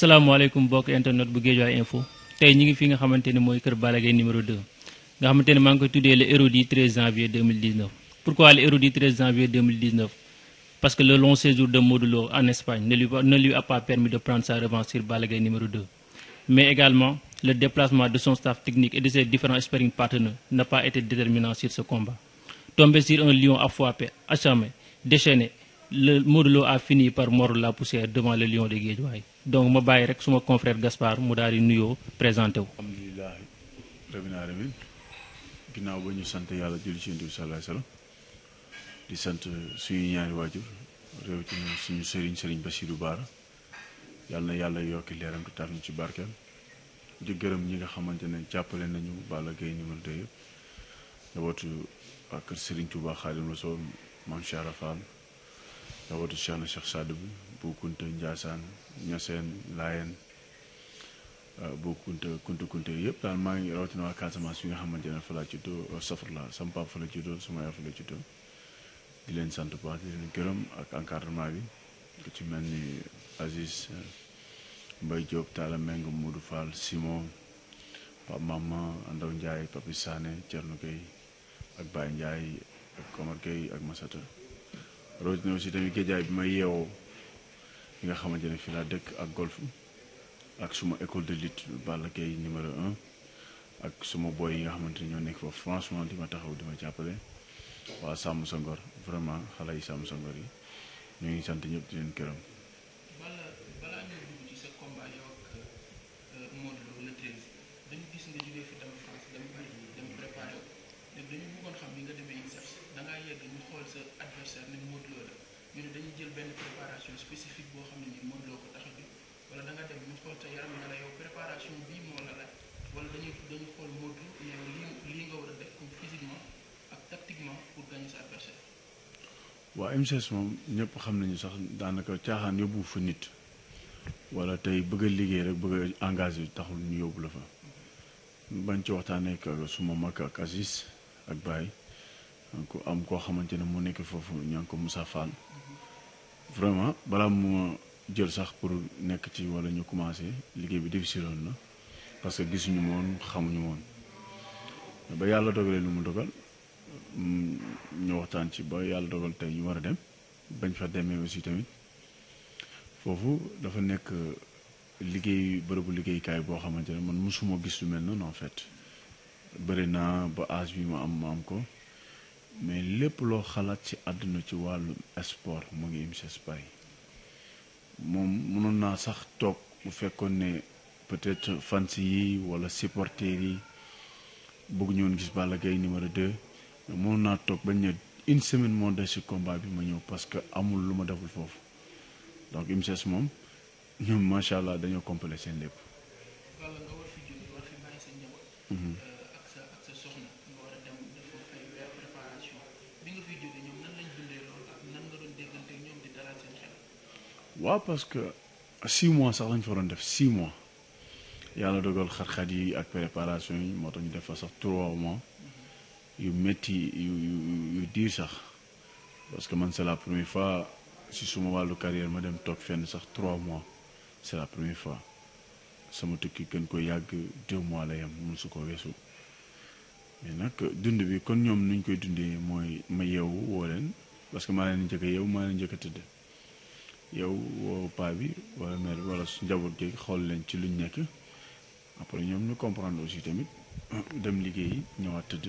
salaamaaleykum mbokk internet bu Guédiawaye info tey ñi ngi fi nga xamante ne mooy kër numéro 2 nga xamante ne maa ngi koy tuddee le 13 janvier 2019 pourquoi le 13 janvier 2019 parce que le long séjour de Modulo en Espagne ne lui, a pas permis de prendre sa revanche sur Balaguer numéro 2 mais également le déplacement de son staff technique et de ses différents sparring partenaires n'a pas été déterminant sur ce combat tombé sur un lion à foie acharné déchaîné le modulo a fini par mordre la poussière devant le lion de Guédiawaye donc ma bàyyi rek suma confrère Gaspard mu daal di nuyoo présenté wu. alhamdulilah rabbil alamin ginnaaw ba ñu sant yàlla julli ci Yonent bi sallallahu alayhi wa di sant suñu ñaari waajur réew ci suñu sëriñ sëriñ Bassirou Bara yàlla na yàlla yokki leeram te taaf ñu ci barkeel di gërëm ñi nga xamante ne jàppale nañu Balla Gaye numéro 2 yëpp njabootu waa kër Serigne Touba Xaadim Rasuul maam Cheikh Rafal njabootu Cheikh na Cheikh Sadibou Boukounta Ndiassane Niassène Layène euh, Boukounta Kunta Kunta yëpp daal maa ngi rawatina waa Casamance bi nga xamante ne fa laa juddoo euh, safar la sama papa fa la juddoo sama yaay fa la juddoo di leen sant bu baax di leen ak encadrement bi ku ci mel ni Aziz euh, Mbaye Diop Talla Meng Modou Fall Simon Pape Mama Andaw Ndiaye Papi Sané Thierno Gueye ak Baye Ndiaye ak Omar Gueye ak Masata rawatina aussi tamit géejaay bi ma yeewoo nga xamante ne fii laa dëkk ak golf ak suma école de lutte Balla Gaye numéro un ak suma boy yi nga xamante ne ñoo nekk foofu franchement di ma taxaw di ma jàppale waa sàmm sa ngor vraiment xale yi sàmm sa ngor yi ñu ngi sant ñëpp leen gërëm. ñu ne jël benn préparation spécifique boo xam ne nii mënuloo ko tax a jóg wala dem ñu xool sa yaram ne la yow préparation bii moo la laaj wala dañuy dañu xool mode ne lii nga war a def comme physiquement ak tactiquement pour gagner sa adversaire. waaw MCS moom ñëpp xam nañu sax daanaka caaxaan yóbbu fa nit wala tey bëgg liggéey rek bëgg engage engagé taxul ñu yóbbu la fa bañ ci waxtaanee ak suma mag ak Aziz ak Baye donc am koo xamante ne mu nekk foofu ña ngi ko vraiment balaa mu jël sax pour nekk ci wala ñu commencé liggéey bi difficile woon na parce que gisuñu moon xamuñu moon ba yàlla dogalee lu mu dogal ñu waxtaan ci ba yàlla dogal tey ñu war a dem bañ fa demee aussi tamit foofu dafa nekk liggéey bërëbu liggéeykaay boo xamante ne man mosuma gis lu mel noonu en fait bëri naa ba âge bi ma am ma am ko mais lépp loo xalaat ci àdduna ci wàllu sport mu ngi IMCES Paris moom mënoon naa sax toog mu fekkoon ne peut-être fans yi wala supporters yi bëgg ñoon gis Balla Gaye numéro 2 mënoon naa toog bañ ne une semaine moo des ci combat bi ma ñëw parce que amul lu ma deful foofu donc IMCES moom ñoom macha allah dañoo compléter seen lépp. wa parce que 6 mois ça lañ faron def 6 mois yalla dogal xar xat yi ak préparation yi mo tañu def sax 3 mois yu metti yu yu di sax parce que man c'est la première fois si suma walu carrière ma dem top fenn sax 3 mois c'est la première fois sama tukki gën ko yagg 2 mois la yam musu ko wessu mais nak dund bi kon ñom nuñ koy dundé moy ma yew wo parce que ma len jëgë yew ma len jëgë tudde yow woo paa bi wala mère bi su njaboot gi xool leen ci luñ nekk après ñoom ñu comprendre aussi tamit dem liggéeyi ñëwaat tëdd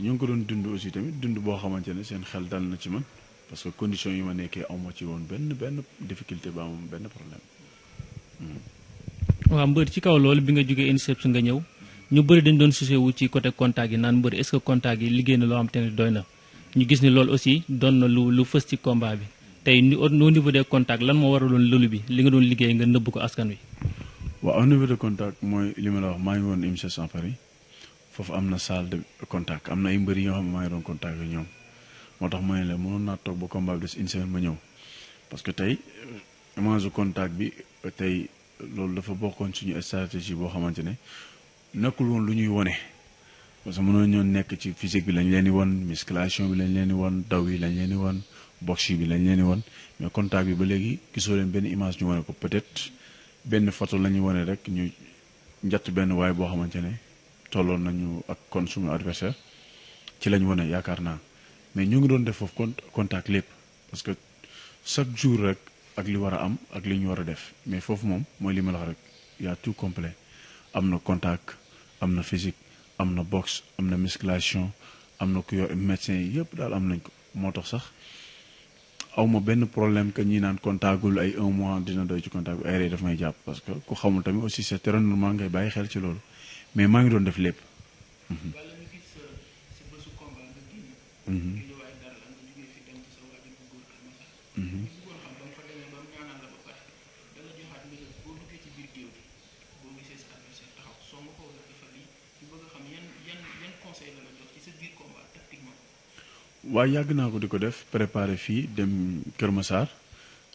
ñu ngi ko doon dund aussi tamit dund boo xamante ne seen xel dal na ci man parce que condition yi ma nekkee awma ci woon benn benn difficulté ba moom benn problème. Hmm. waaw mbër ci kaw loolu bi nga jógee INSEPS nga ñëw ñu bëri dañ doon soucier wu ci côté contact yi naan mbër est-ce que contact yi liggéey na loo xam te ne doy na ñu gis ni loolu aussi doon na lu lu fës ci combat bi. tey au niveau des contacts lan moo waraloon loolu bi li nga doon liggéey nga nëbb ko askan wi. waaw au niveau de contact mooy li la wax maa ngi woon IMCES en Paris foofu am na salle de contact am na ay mbëri yoo xam ne maa ngi doon contact ak ñoom moo tax ma ne la mënoon naa toog ba combat bi des une ma ñëw parce que tey image contact bi tey loolu dafa bokkoon suñu stratégie boo xamante ne nekkul woon lu ñuy wone parce que mënoon ñoo nekk ci physique bi lañ leen di wan musculation bi lañ leen di wan daw yi lañ leen di wan. box bi lañ leen woon mais contact bi ba léegi gisoo leen benn image ñu wane ko peut-être benn photo la ñu wane rek ñu njatt benn waaye boo xamante ne tolloon nañu ak kon suñu adversaire ci lañ wane yaakaar naa mais ñu ngi doon def foofu con contact lépp parce que chaque jour rek ak li war a am ak li ñu war a def mais foofu moom mooy li ma la rek y'a tout complet am na contact am na physique am na box am na musculation am na ku yor médecin yëpp daal am nañ ko moo tax sax aw ma benn problème que ñi naan contagul ay un mois dina doy ci comptable ay rey daf may jàpp parce que ku xamul tamit aussi c'est très normal ngay bàyyi xel ci loolu mais maa ngi doon def lépp. Mhm. wa yag na ko diko def préparer fi dem keur Massar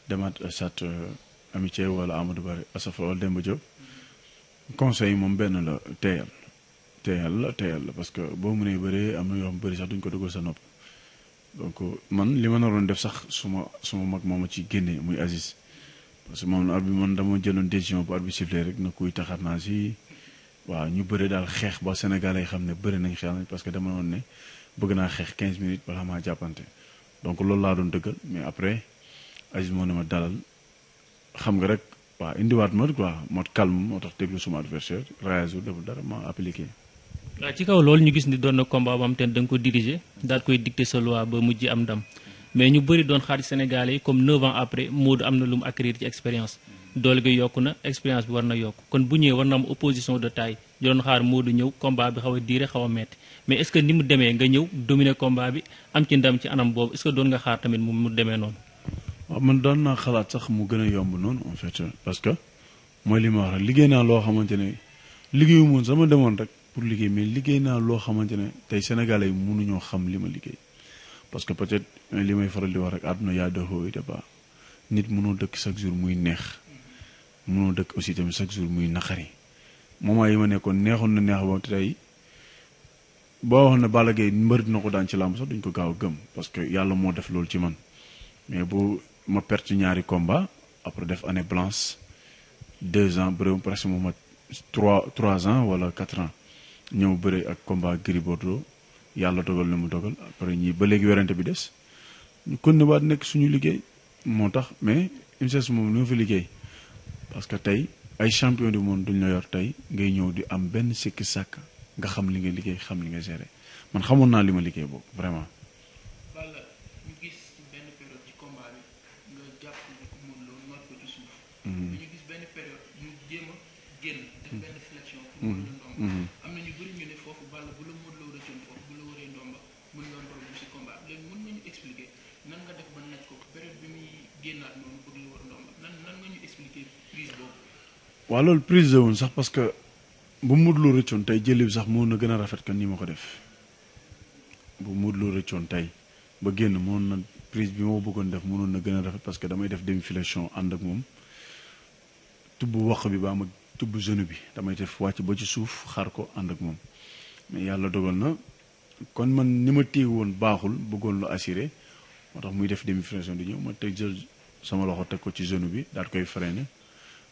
demat sat euh, amitié wala Amadou Bari Asafa wala job djob conseil mom ben la teyal teyal la teyal la parce que bo mune beure am na beuri sax duñ ko dugal sa nop donc man lima ma def sax suma suma mag moma ci génnee muy Aziz parce que mom ar bi man dama jëlone décision bu ar bi sifflé rek na kuy taxar naa si waaw ñu beure dal xex ba Sénégalais xamné beure nañ xeex nañ parce que dama non ne bëgg naa xeex 15 minutes balaa ma jàppante donc loolu laa doon dëggal mais après Aziz moo ne ma dalal xam nga rek waaw indiwaat ma quoi mot calme moo tax déglu suma adversaire bu deful dara ma appliqué. waaw ci kaw loolu ñu gis ni doon na combat bu am te da nga ko dirigé daal koy dicté sa loi ba mujj am ndam. mais ñu bëri doon xaar Sénégalais yi comme 9 ans après Modou am na lu mu acquérir ci expérience doole gi yokk na expérience bi war na yokk kon bu ñëwee war na am opposition de taille ñu doon xaar moo ñëw combat bi xaw a diire xaw mais est que ni demee nga ñëw dominer combat bi am ci ndam ci anam boobu est-ce que doon nga xaar tamit mu demee noonu. man doon naa xalaat sax mu gën a yomb noonu en parce que mooy li ma wax liggéey naa loo xamante ne liggéeyu moon sama demoon rek pour liggéey mais liggéey naa loo xamante ne tey sénégalais yi mënuñoo xam li ma liggéey. parce que peut-être euh, li may faral di wax rek àdduna yaa doxoo it ba nit mënoo dëkk chaque jour muy neex mënoo dëkk aussi tamit chaque jour muy naqari moment yi ma nekkoon neexoon na neex ba tey boo wax ne Balla Gaye mbër dina ko daan ci làmb sax duñ ko gaaw a gëm parce que yàlla moo def loolu ci man mais bu ma perte ñaari combat après def année blanche deux ans bëre presque mu mat trois trois ans wala quatre ans ñëw bëre ak combat Gris Bordeaux yalla togal na mu togal après ñi ba légui werante bi dess ñu continuer nek suñu liggéey motax mais IMCES moom li ma fi liggéey parce que tay ay champion du monde duñ la yor tay ngay ñew di am ben sik sak nga xam li nga liggéey xam li nga géré man xamoon na li ma liggéey bok vraiment. Mm-hmm. waaw loolu prise de woon sax parce que bu Modou Lo rëccoon tey jëli bi sax moo na gën a rafet que ni ma ko def bu mut Lo rëccoon tey ba génn moon na prise bi moo bëggoon def mënoon na gën a rafet parce que damay def demi ànd ak moom tubb wax bi baa ma tubb genou bi damay def wàcc ba ci suuf xaar ko ànd ak moom mais yàlla dogal na kon man ni ma téye woon baaxul bëggoon lu assuré moo tax muy def demi di ñëw ma teg jël sama loxo teg ko ci genou bi daal koy freiné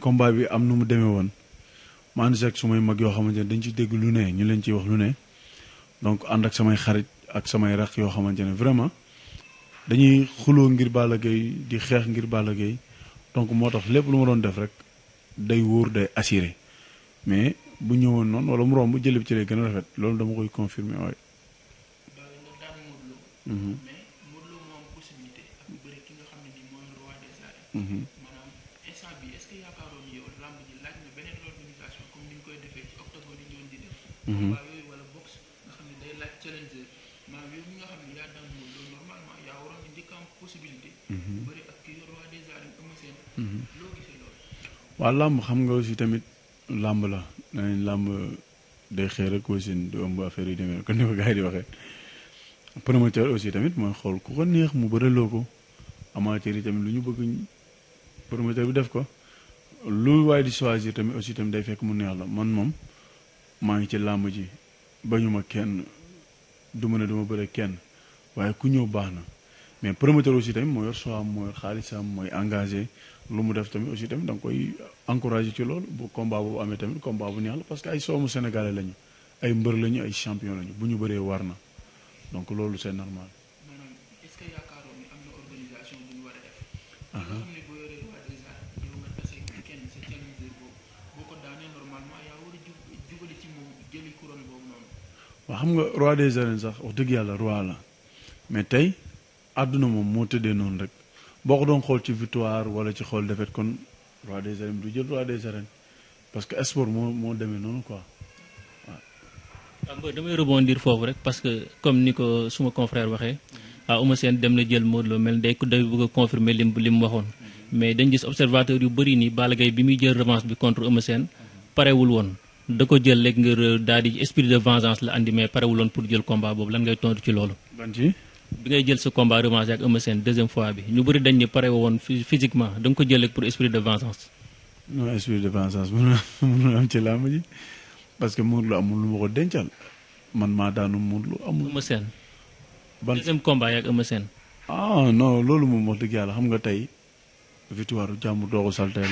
combat bi am nu mu demee woon ma ànd si ak sumay mag yoo xamante ne dañ ci dégg lu ne ñu leen ciy wax lu ne donc ànd ak samay xarit ak samay raq yoo xamante ne vraiment dañuy xuloo ngir Balla Gaye di xeex ngir Balla géey donc moo tax lépp lu ma doon def rek day wóor day assuré mais bu ñëwoon noonu wala mu romb jëlee ci lay gën a rafet loolu dama koy confirmer waaye. que yaakaaroon waa xam nga làmb mhm. mhm. xam nga aussi tamit làmb la danañ làmb day xëy rek aussi du ëmb affaire yu demee kon ni ko gars yi di waxee. promoteur aussi tamit mooy xool ku ko neex mu bëreloo ko amateur yi tamit lu ñu bëgg promoteur bi def ko. lu waaye di choisir tamit aussi tamit day fekk mu neex la man moom maa ngi ci làmb ji ba ñu ma kenn du ma ne duma bëre kenn waaye ku ñëw baax na mais promoteur aussi tamit moo yor soam moo yor xaalisam mooy engagé lu mu def tamit aussi tamit da nga koy encouragé ci loolu bu combat boobu amee tamit combat bu neex la parce que ay soomu sénégalais lañu ay mbër lañu ay champion lañu bu ñu bëree war na donc loolu seen normal waa xam nga roi des arènes sax wax dëgg yàlla roi la mais tey àdduna moom moo tëddee noonu rek boo ko doon xool ci victoire wala ci xool defet kon roi des arènes du jël roi des arènes parce que sport moo moo demee noonu quoi waaw. waaw damay rebondir foofu rek parce que comme ni ko suma confrère waxee. waaw ah, Eumeu Sène dem na jël Modou Lo mel day ko day bëgg a confirmer lim li mu waxoon. mais dañ gis observateur yu bëri nii Balla bi muy jël revanche bi contre Eumeu Sène parewul woon. da ko jël léegi ngir euh, daal di esprit de vengeance la andi mais parewuloon pour jël combat boobu lan ngay tontu ci loolu. ban ci. bi ngay jël sa combat revanche ak Eumeu deuxième fois bi ñu bëri dañ ni pare woon physiquement da nga ko jël pour esprit de vengeance. non esprit de vengeance mënul mënul am ci làmb ji parce que Modou amul lu ma ko dencal man maa daanu Modou amul. Eumeu Sène. ban deuxième combat yaak Eumeu Sène. ah non loolu moom wax dëgg yàlla xam nga tey victoire jàmm doo ko salteel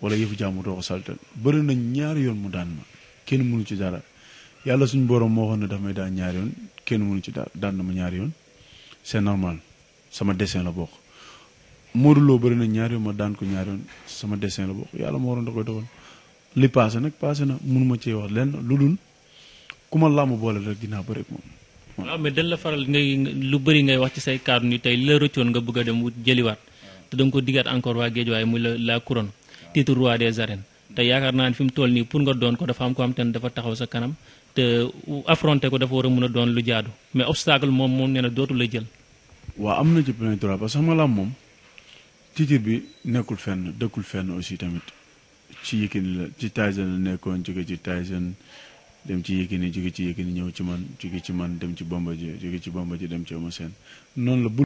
wala yëfu jàmm doo ko saltal bëri nañ ñaari yoon mu daan ma kenn mënu ci dara yàlla suñu borom moo xam ne daf may daan ñaari yoon kenn mënu ci dara daan na ma ñaari yoon c'est normal sama dessin la bokk Modou Lo bëri na ñaari yoon ma daan ko ñaari yoon sama dessin la bokk yàlla moo waroon da koy dogal li passé nag passé na mënuma cee wax lenn lu dul ku ma làmb boole rek dinaa bëri ak moom. waaw mais dañ la faral ngay lu bëri ngay wax ci say kàddu ni tey li la nga bëgg dem wut jëliwaat te da nga ko waa géej waaye muy la la titre roi des arènes te yaakaar naa ne fi mu toll nii pour nga doon ko dafa am ko am te ne dafa taxaw sa kanam te affronter ko dafa war a mën a doon lu jaadu mais obstacle moom moom nee na dootu la jël. waa am na ci plein droit parce que xam nga làmb moom titre bi nekkul fenn dëkkul fenn aussi tamit ci Yékini la ci Tyson la nekkoon jóge ci Tyson dem ci Yékini jóge ci Yékini ñëw ci man jóge ci man dem ci Bombardier jóge ci Bombardier dem ci Eumeu Sène noonu la.